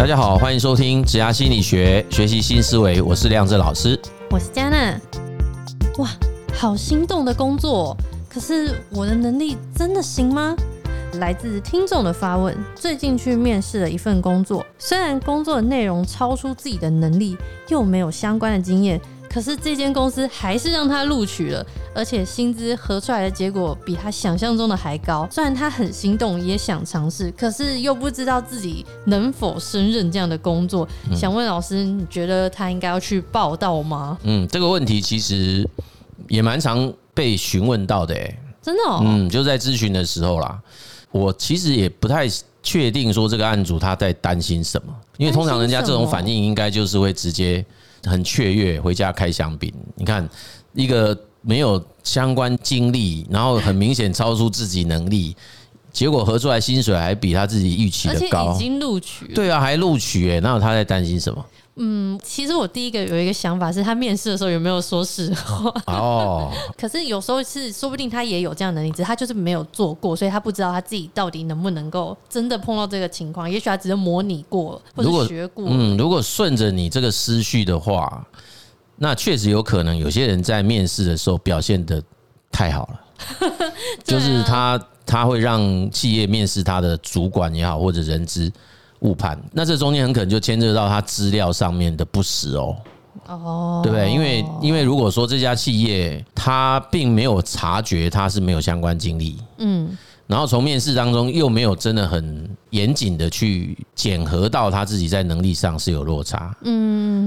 大家好，歡迎收聽《職涯心理學》，學習新思維。我是亮震老師，我是嘉那。哇，好心動的工作！可是我的能力真的行嗎？來自聽眾的發問：最近去面試了一份工作，雖然工作的內容超出自己的能力，又沒有相關的經驗。可是這間公司還是讓他錄取了，而且薪資核出來的結果比他想象中的還高。雖然他很心動，也想嘗試，可是又不知道自己能否勝任這樣的工作。嗯，想問老師，你覺得他應該要去報到嗎？嗯，這個問題其實也蠻常被詢問到的，哎，真的哦，嗯，就在諮詢的時候啦。我其實也不太確定說這個案主他在擔心什麼，因為通常人家這種反應應該就是會直接。很雀躍，回家開香檳。你看，一個沒有相關經歷，然後很明顯超出自己能力，結果合出來薪水還比他自己預期的高，已經錄取。對啊，還錄取，哎，那他在擔心什麼？嗯，其實我第一個有一個想法是，他面試的時候有沒有說實話？哦，可是有時候是說不定他也有這樣的例子，他就是沒有做過，所以他不知道他自己到底能不能夠真的碰到這個情況。也許他只是模擬過或者學過。嗯，如果順着你這個思緒的話，那確實有可能有些人在面試的時候表現得太好了， 啊、就是他他會讓企業面試他的主管也好或者人資。誤判，那這中間很可能就牽涉到他資料上面的不實哦、喔。哦、oh.，對不對？因為因為如果說這家企業他並沒有察覺他是沒有相關經歷，嗯、mm.，然後從面試當中又沒有真的很嚴謹的去檢核到他自己在能力上是有落差，嗯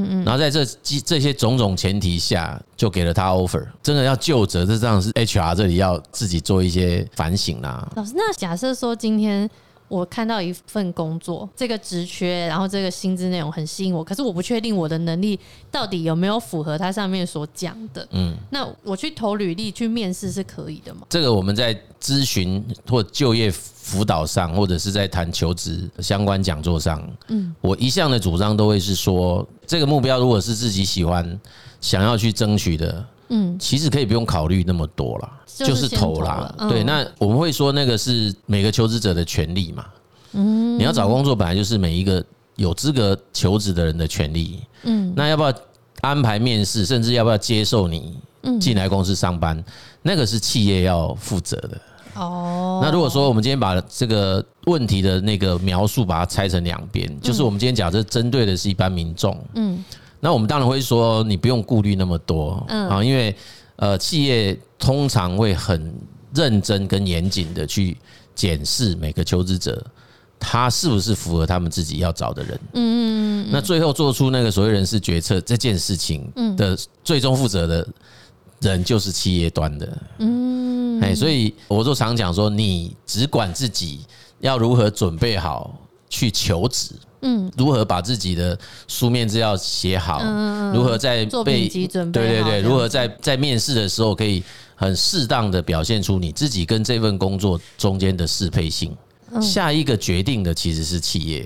嗯嗯，然後在這這些種種前提下，就給了他 offer，真的要就職，這張是 HR 這裡要自己做一些反省啦、啊。老師，那假設說今天。我看到一份工作，這個職缺，然後這個薪資內容很吸引我，可是我不確定我的能力到底有沒有符合它上面所講的。嗯，那我去投履歷去面試是可以的嗎？這個我們在諮詢或就業輔導上，或者是在談求職相關講座上，嗯，我一向的主張都會是說，這個目標如果是自己喜歡、想要去爭取的。嗯，其實可以不用考慮那麼多啦。就是投啦。對，那我們會說那個是每個求職者的權利嘛。嗯，你要找工作，本來就是每一個有資格求職的人的權利。嗯，那要不要安排面試，甚至要不要接受你進來公司上班，那個是企業要負責的。哦，那如果說我們今天把這個問題的那個描述把它拆成兩邊，就是我們今天講這針對的是一般民眾。嗯。那我們當然會說，你不用顧慮那麼多啊，因為呃，企業通常會很認真跟嚴謹的去檢視每個求職者，他是不是符合他們自己要找的人。嗯，那最後做出那個所謂人事決策這件事情的最終負責的人，就是企業端的。嗯。哎，所以我就常講說，你只管自己要如何準備好去求職。嗯，如何把自己的書面資料寫好，嗯，如何在做背景準備？對對對，如何在在面試的時候可以很適當的表現出你自己跟這份工作中間的適配性。嗯。下一個決定的其實是企業。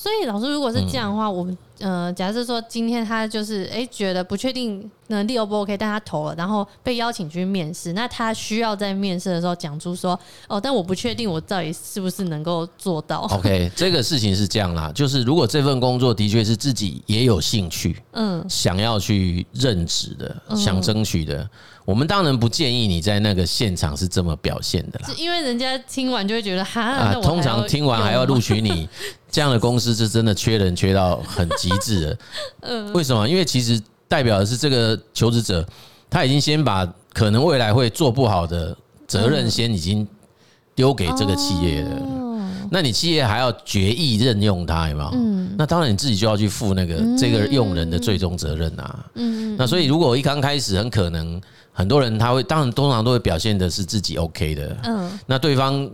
所以老師，如果是這樣的話，我們呃，假設說今天他就是哎，覺得不確定能力 O 不 O、OK、K，但他投了，然後被邀請去面試，那他需要在面試的時候講出說哦，但我不確定我到底是不是能夠做到。OK，這個事情是這樣啦，就是如果這份工作的確是自己也有興趣，嗯，想要去任職的，想爭取的，嗯、我們當然不建議你在那個現場是這麼表現的啦，是因為人家聽完就會覺得哈，哈、啊，通常聽完還要錄取你。這樣的公司是真的缺人，缺到很極致了。為什麼？因為其實代表的是這個求職者，他已經先把可能未來會做不好的責任先已經丟給這個企業了。那你企業還要決意任用他嗎？那當然你自己就要去負那個這個用人的最終責任啊。那所以如果一剛開始，很可能很多人他會當然通常都會表現的是自己 OK 的。那對方，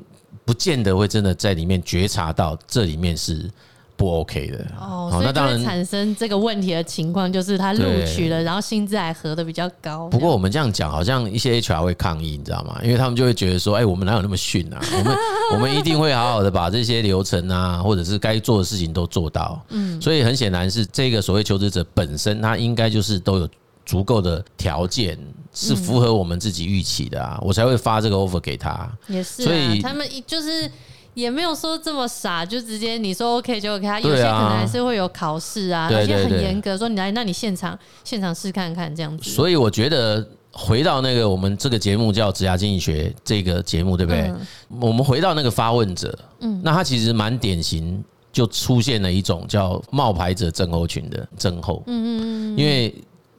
不見得會真的在裡面覺察到這裡面是不 OK 的哦。那當然產生這個問題的情況就是他錄取了，然後薪資還合得比較高，不過我們這樣講，好像一些 HR 會抗議，你知道嗎？因為他們就會覺得說，哎，我們哪有那麼遜啊？我們我們一定會好好的把這些流程啊，或者是該做的事情都做到。嗯，所以很顯然是這個所謂求職者本身，他應該就是都有。足夠的條件是符合我們自己預期的啊，我才會發這個 offer 給他。也是，啊，所以他們就是也沒有說這麼傻，就直接你說 OK 就 OK。他，啊啊、有些可能還是會有考試啊，有些很嚴格，說你來，那你現場現場試看看這樣子。所以我覺得回到那個我們這個節目叫《職涯經濟學》這個節目，對不對？我們回到那個發問者，嗯，那他其實蠻典型，就出現了一種叫冒牌者症候群的症候。嗯嗯嗯，因為。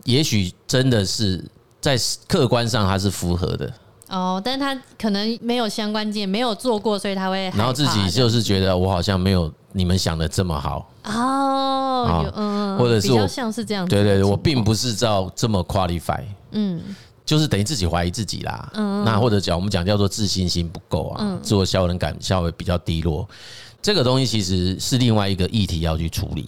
也許真的是在客觀上它是符合的哦，但是他可能沒有相關經驗沒有做過，所以他會然後自己就是覺得我好像沒有你們想的這麼好哦，嗯，或者是比較像是這樣，對對對，我並不是照這麼 qualified 嗯，就是等於自己懷疑自己啦，嗯嗯，那或者講我們講叫做自信心不夠啊，嗯，自我效能感稍微比較低落，這個東西其實是另外一個議題要去處理，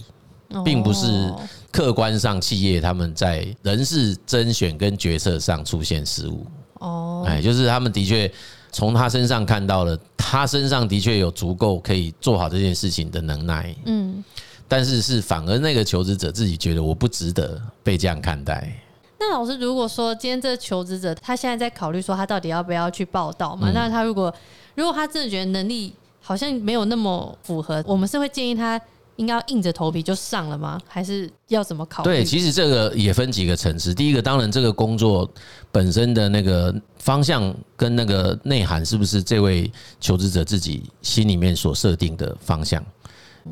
並不是，哦。客觀上，企業他們在人事甄選跟決策上出現失誤。哦，哎，就是他們的確從他身上看到了，他身上的確有足夠可以做好這件事情的能耐。嗯，但是是反而那個求職者自己覺得我不值得被這樣看待。Oh。那老師，如果說今天這個求職者他現在在考慮說他到底要不要去報道嘛？那、嗯、他如果如果他自己覺得能力好像沒有那麼符合，我們是會建議他。應該要硬着頭皮就上了嗎？還是要怎麼考慮？對，其實這個也分幾個層次。第一個，當然這個工作本身的那個方向跟那個內涵，是不是這位求職者自己心裡面所設定的方向？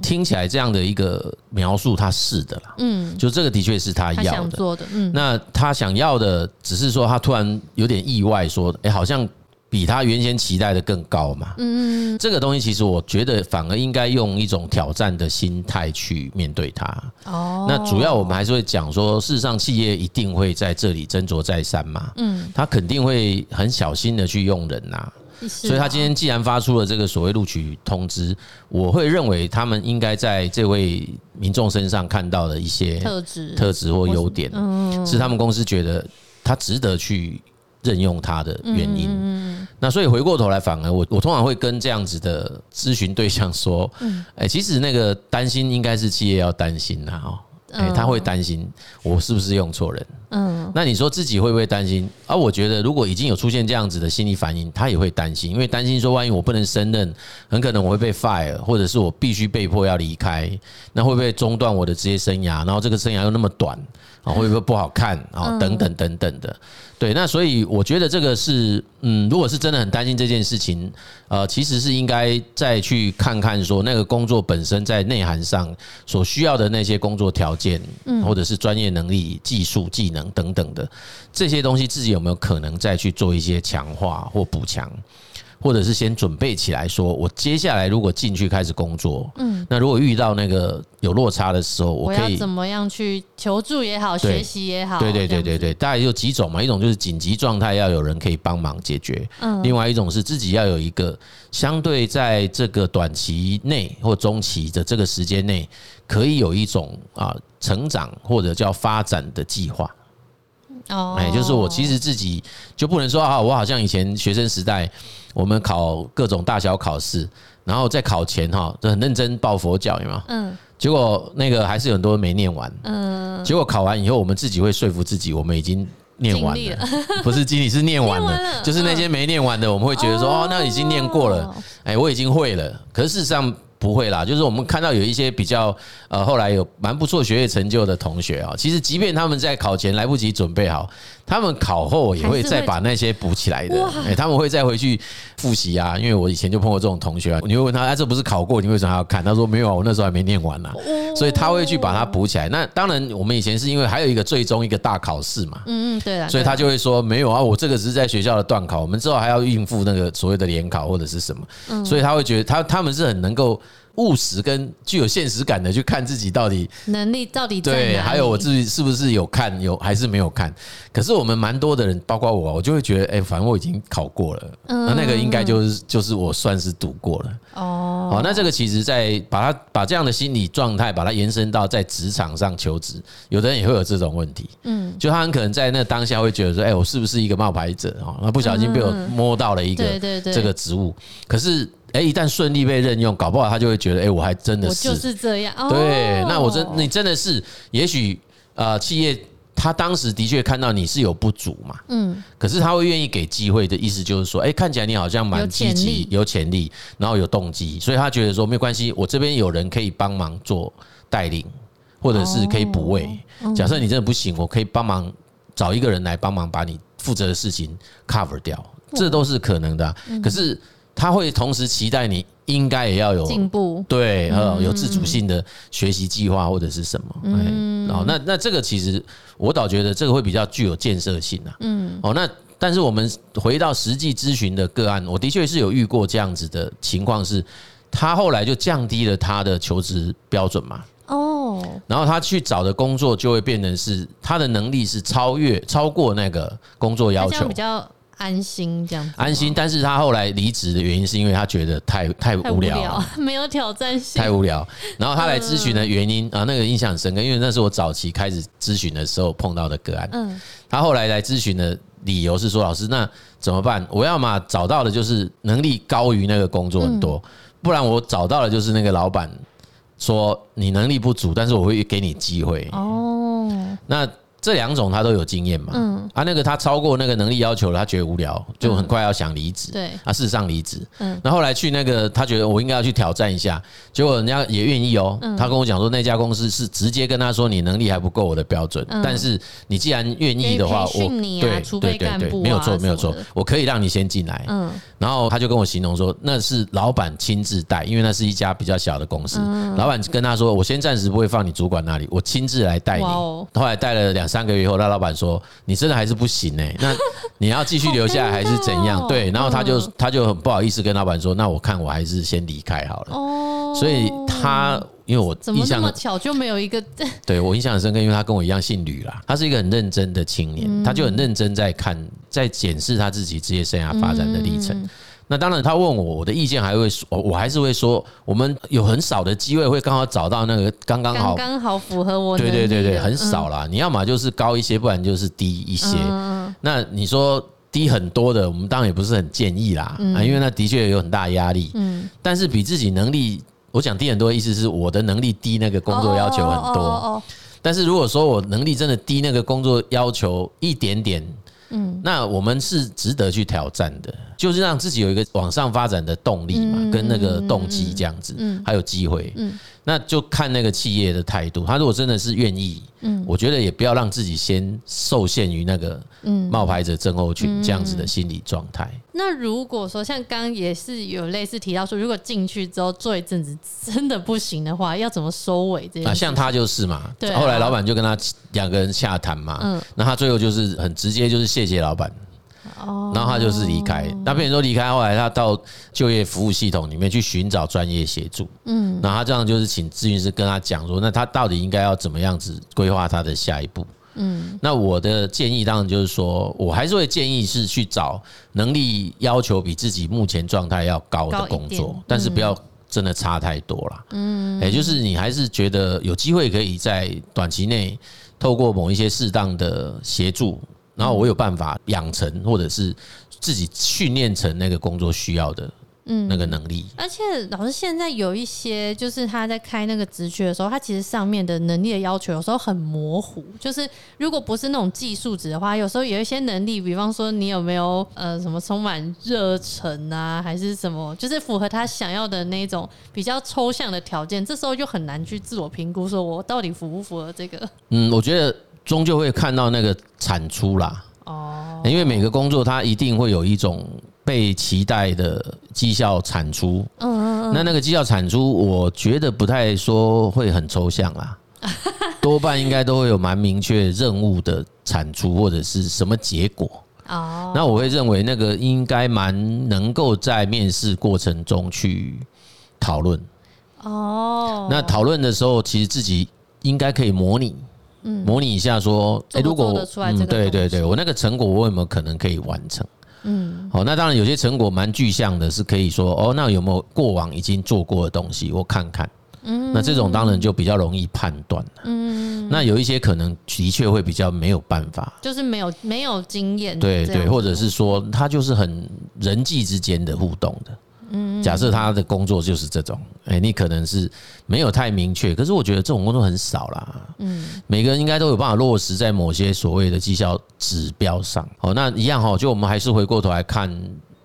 聽起來這樣的一個描述，他是的啦。嗯，就這個的確是他要的，他想做的。嗯，那他想要的，只是說他突然有點意外，說，哎、欸，好像。比他原先期待的更高嘛？嗯，這個東西其實我覺得反而應該用一種挑戰的心態去面對他。哦，那主要我們還是會講說，事實上企業一定會在這裡斟酌再三嘛。嗯，他肯定會很小心的去用人吶、啊。所以，他今天既然發出了這個所謂錄取通知，我會認為他們應該在這位民眾身上看到了一些特質、特質或優點，是他們公司覺得他值得去任用他的原因，那所以回過頭來，反而我我通常會跟這樣子的諮詢對象說，誒，其實那個擔心應該是企業要擔心他哦，誒，他會擔心我是不是用錯人，嗯，那你說自己會不會擔心？而，我覺得如果已經有出現這樣子的心理反應，他也會擔心，因為擔心說萬一我不能勝任，很可能我會被 fire，或者是我必須被迫要離開，那會不會中斷我的職業生涯？然後這個生涯又那麼短。會不會不好看啊？等等等等的，對，那所以我覺得這個是，嗯，如果是真的很擔心這件事情，呃，其實是應該再去看看說那個工作本身在內涵上所需要的那些工作條件，嗯，或者是專業能力、技術技能等等的這些東西，自己有沒有可能再去做一些強化或補強。或者是先準備起來，說我接下來如果進去開始工作，嗯，那如果遇到那個有落差的時候，我可以我怎麼樣去求助也好，學習也好，對對對對對，對，大概有幾種嘛，一種就是緊急狀態要有人可以幫忙解決，嗯，另外一種是自己要有一個相對在這個短期內或中期的這個時間內，可以有一種啊成長或者叫發展的計劃，哦，哎，就是我其實自己就不能說啊，我好像以前學生時代。我們考各種大小考試，然後在考前哈就很認真抱佛腳有沒有？嗯。結果那個還是有很多沒念完。嗯。結果考完以後，我們自己會說服自己，我們已經念完了，不是經理，是念完了，就是那些沒念完的，我們會覺得說哦，那已經念過了，哎，我已經會了。可是事實上不會啦，就是我們看到有一些比較呃後來有蠻不錯學業成就的同學啊，其實即便他們在考前來不及準備好。他們考後也會再把那些補起來的，他們會再回去復習啊。因為我以前就碰過這種同學啊，你會問他，哎，這不是考過，你為什麼還要看？他說沒有啊，我那時候還沒唸完呢、啊，所以他會去把它補起來。那當然，我們以前是因為還有一個最終一個大考試嘛，嗯嗯，對啊，所以他就會說沒有啊，我這個只是在學校的段考，我們之後還要應付那個所謂的聯考或者是什麼，所以他會覺得他他們是很能夠。務實跟具有現實感的，去看自己到底能力到底對，還有我自己是不是有看有還是沒有看？可是我們蠻多的人，包括我，我就會覺得，哎，反正我已經考過了，那那個應該就是就是我算是讀過了哦。那這個其實，在把它把這樣的心理狀態把它延伸到在職場上求職，有的人也會有這種問題。嗯，就他很可能在那當下會覺得說，哎，我是不是一個冒牌者啊？那不小心被我摸到了一個這個職務，可是。誒，一旦順利被任用，搞不好他就會覺得，誒，我還真的是我就是這樣。對，那我真你真的是，也許啊，企業他當時的確看到你是有不足嘛，嗯，可是他會願意給機會的意思就是說，誒，看起來你好像蠻積極、有潛力，然後有動機，所以他覺得說沒關係，我這邊有人可以幫忙做帶領，或者是可以補位。假設你真的不行，我可以幫忙找一個人來幫忙把你負責的事情 cover 掉，這都是可能的。可是。他會同時期待，你應該也要有進步，對，呃，有自主性的學習計劃或者是什麼，嗯，那那這個其實我倒覺得這個會比較具有建設性啊，嗯，那但是我們回到實際諮詢的個案，我的確是有遇過這樣子的情況，是他後來就降低了他的求職標準嘛，哦，然後他去找的工作就會變成是他的能力是超越、超過那個工作要求安心這樣，安心。但是他後來離職的原因，是因為他覺得太太無聊太無聊，沒有挑戰性，太無聊。然後他來諮詢的原因、嗯、啊，那個印象很深刻，因為那是我早期開始諮詢的時候碰到的個案。嗯，他後來來諮詢的理由是說：“老師，那怎麼辦？我要嘛，找到的，就是能力高於那個工作很多，嗯、不然我找到的，就是那個老闆說你能力不足，但是我會給你機會。”哦，那。這兩種他都有經驗嘛？嗯，啊，那個他超過那個能力要求了，他覺得無聊，就很快要想離職。對，啊，事實上離職。嗯，那後來去那個，他覺得我應該要去挑戰一下，結果人家也願意哦。嗯，他跟我講說，那家公司是直接跟他說你能力還不夠我的標準，但是你既然願意的話，我對對對對，沒有錯沒有錯，我可以讓你先進來。嗯，然後他就跟我形容說，那是老板親自帶，因為那是一家比較小的公司，老板跟他說，我先暫時不會放你主管那裡，我親自來帶你。後來帶了兩三。三個月以後，那老闆說：“你真的還是不行哎，那你要繼續留下來還是怎樣？”對，然後他就他就很不好意思跟老闆說：“那我看我還是先離開好了。”所以他因為我怎麼那麼巧，就沒有一個對我印象很深刻，因為他跟我一樣姓呂啦。他是一個很認真的青年，他就很認真在看，在檢視他自己職業生涯發展的歷程。那當然，他問我我的意見，還會說，我還是會說，我們有很少的機會會剛好找到那個剛剛好剛好符合我，對對對對，很少啦。你要麼就是高一些，不然就是低一些。那你說低很多的，我們當然也不是很建議啦，因為那的確有很大壓力。但是比自己能力，我講低很多的意思是我的能力低，那個工作要求很多。但是如果說我能力真的低那個工作要求一點點。嗯，那我們是值得去挑戰的，就是讓自己有一個往上發展的動力嘛，跟那個動機這樣子，還有機會。那就看那個企業的態度，他如果真的是願意，嗯，我覺得也不要讓自己先受限於那個冒牌者症候群這樣子的心理狀態，嗯嗯嗯。那如果說像剛剛也是有類似提到說，如果進去之後做一陣子真的不行的話，要怎麼收尾這些？那像他就是嘛，啊、後來老闆就跟他兩個人下談嘛，嗯，那他最後就是很直接，就是謝謝老闆。哦，然後他就是離開。那比如說，離開後來他到就業服務系統裡面去尋找專業協助。嗯，然後他這樣就是請諮詢師跟他講說，那他到底應該要怎麼樣子規劃他的下一步？嗯，那我的建議當然就是說，我還是會建議是去找能力要求比自己目前狀態要高的工作，但是不要真的差太多了。嗯，也就是你還是覺得有機會可以在短期內透過某一些適當的協助。然後我有辦法養成，或者是自己訓練成那個工作需要的，嗯，那個能力。嗯，而且老師現在有一些，就是他在開那個職缺的時候，他其實上面的能力的要求有時候很模糊。就是如果不是那種技術值的話，有時候有一些能力，比方說你有沒有呃什麼充滿熱忱啊，還是什麼，就是符合他想要的那種比較抽象的條件，這時候就很難去自我評估，說我到底符不符合這個？嗯，我覺得。終究會看到那個產出啦。哦，因為每個工作它一定會有一種被期待的績效產出。嗯。那那個績效產出，我覺得不太說會很抽象啦，多半應該都會有蠻明確任務的產出或者是什麼結果。哦。那我會認為那個應該蠻能夠在面試過程中去討論。哦。那討論的時候，其實自己應該可以模擬。模擬一下，說，哎，如果我，嗯、對對對，我那個成果，我有沒有可能可以完成？嗯，好，那當然有些成果蠻具象的，是可以說，哦，那有沒有過往已經做過的東西，我看看。嗯，那這種當然就比較容易判斷了。嗯，那有一些可能的確會比較沒有辦法，就是沒有沒有經驗，對對對，或者是說他就是很人際之間的互動的。嗯，假設他的工作就是這種，哎，你可能是沒有太明確，可是我覺得這種工作很少啦。嗯，每個人應該都有辦法落實在某些所謂的績效指標上。好，那一樣哈，就我們還是回過頭來看，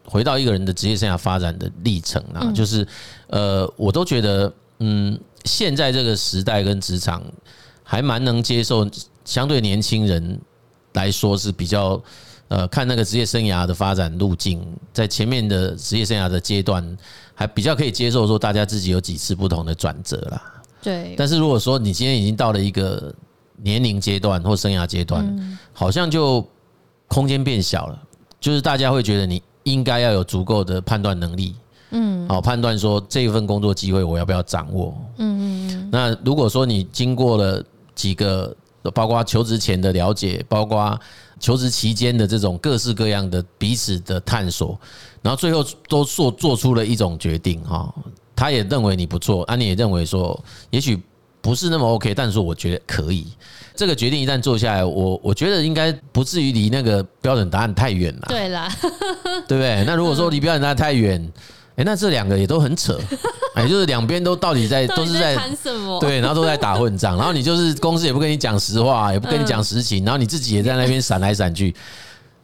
回到一個人的職業生涯發展的歷程啊，就是呃，我都覺得，嗯，現在這個時代跟職場還蠻能接受，相對年輕人來說是比較。呃，看那個職業生涯的發展路徑，在前面的職業生涯的階段，還比較可以接受，說大家自己有幾次不同的轉折啦，對。但是如果說你今天已經到了一個年齡階段或生涯階段，嗯，好像就空間變小了。就是大家會覺得你應該要有足夠的判斷能力。嗯。好，判斷說這一份工作機會我要不要掌握？嗯嗯。那如果說你經過了幾個，包括求職前的了解，包括。求職期間的這種各式各樣的彼此的探索，然後最後都做做出了一種決定哈。他也認為你不錯，啊，你也認為說，也許不是那麼 OK，但是我覺得可以。這個決定一旦做下來，我我覺得應該不至於離那個標準答案太遠了。對啦，對不對？那如果說離標準答案太遠，哎，那這兩個也都很扯。哎，就是兩邊都到底在都是在對，然後都在打混戰，然後你就是公司也不跟你講實話，也不跟你講實情，然後你自己也在那邊閃來閃去，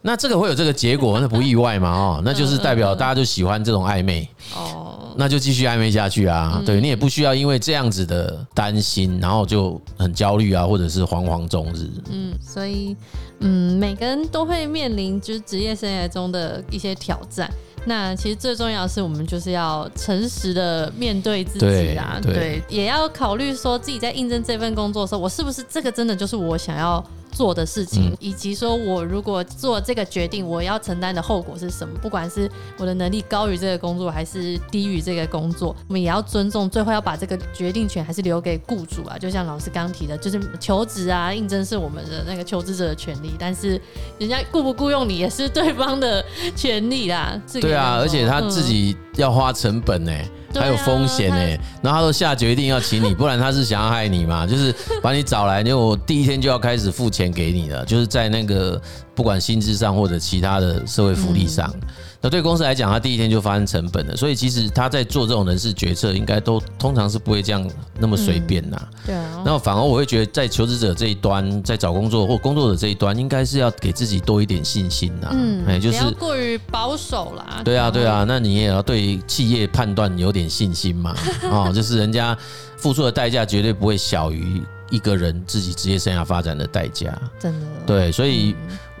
那這個會有這個結果，那不意外嘛？哦，那就是代表大家就喜歡這種曖昧哦。那就繼續曖昧下去啊！嗯，對你也不需要因為這樣子的擔心，然後就很焦慮啊，或者是惶惶終日。嗯，所以嗯，每個人都會面臨就是職業生涯中的一些挑戰。那其實最重要的是我們就是要誠實的面對自己啊，對，對對，也要考慮說自己在應徵這份工作的時候，我是不是這個真的就是我想要。做的事情，以及說，我如果做這個決定，我要承擔的後果是什麼？不管是我的能力高於這個工作，還是低於這個工作，我們也要尊重，最後要把這個決定權還是留給雇主啊。就像老師剛提的，就是求職啊，應徵是我們的那個求職者的權利，但是人家雇不僱傭你也是對方的權利啦。對啊，而且他自己要花成本呢、欸。還有風險呢，然後他說下決定要請你，不然他是想要害你嘛？就是把你找來，因為我第一天就要開始付錢給你了，就是在那個不管薪資上或者其他的社會福利上，嗯。那對公司來講，他第一天就發生成本了，所以其實他在做這種人事決策，應該都通常是不會這樣那麼隨便啦。然後反而我會覺得，在求職者這一端，在找工作或工作者這一端，應該是要給自己多一點信心啦。嗯。就是。要過於保守啦。對啊，對啊，啊、那你也要對企業判斷有點信心嘛。哦，就是人家付出的代價絕對不會小於一個人自己職業生涯發展的代價。真的。對，所以。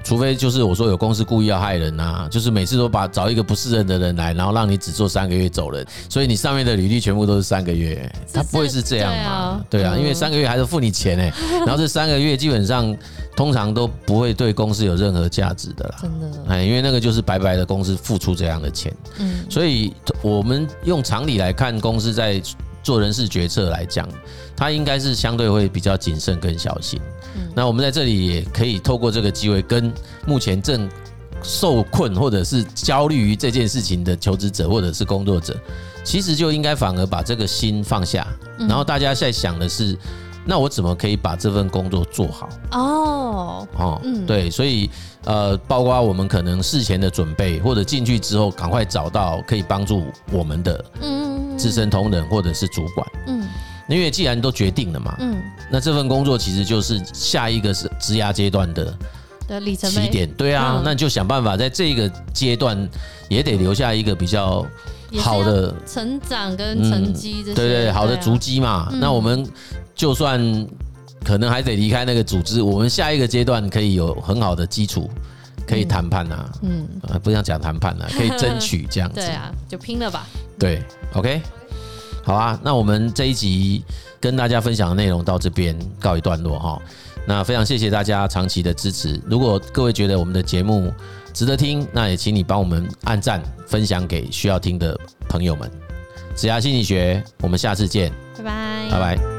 除非就是我說有公司故意要害人吶、啊，就是每次都把找一個不適任的人來，然後讓你只做三個月走人，所以你上面的履歷全部都是三個月，他不會是這樣嘛？對啊、嗯，因為三個月還是付你錢呢、欸。然後這三個月基本上通常都不會對公司有任何價值的啦。真的哎，因為那個就是白白的公司付出這樣的錢，嗯，所以我們用常理來看，公司在做人事決策來講。他應該是相對會比較謹慎跟小心。那我們在這裡也可以透過這個機會，跟目前正受困或者是焦慮於這件事情的求職者或者是工作者，其實就應該反而把這個心放下。然後大家在想的是，那我怎麼可以把這份工作做好？哦，哦，對，所以呃，包括我們可能事前的準備，或者進去之後趕快找到可以幫助我們的嗯，資深同仁或者是主管。嗯。因為既然都決定了嘛，嗯，那這份工作其實就是下一個是職涯階段的的里程起點，對啊，嗯、那你就想辦法在這個階段也得留下一個比較好的成長跟成績，嗯，對對、對，好的足跡嘛、啊。那我們就算可能還得離開、嗯、開那個組織，我們下一個階段可以有很好的基礎，可以談判啊，嗯，嗯不要講談判了、啊，可以爭取這樣子， 對啊，就拼了吧，對，OK。好啊，那我們這一集跟大家分享的內容到這邊告一段落哈。那非常謝謝大家長期的支持。如果各位覺得我們的節目值得聽，那也請你幫我們按讚，分享給需要聽的朋友們。子牙心理學，我們下次見，拜拜，拜拜。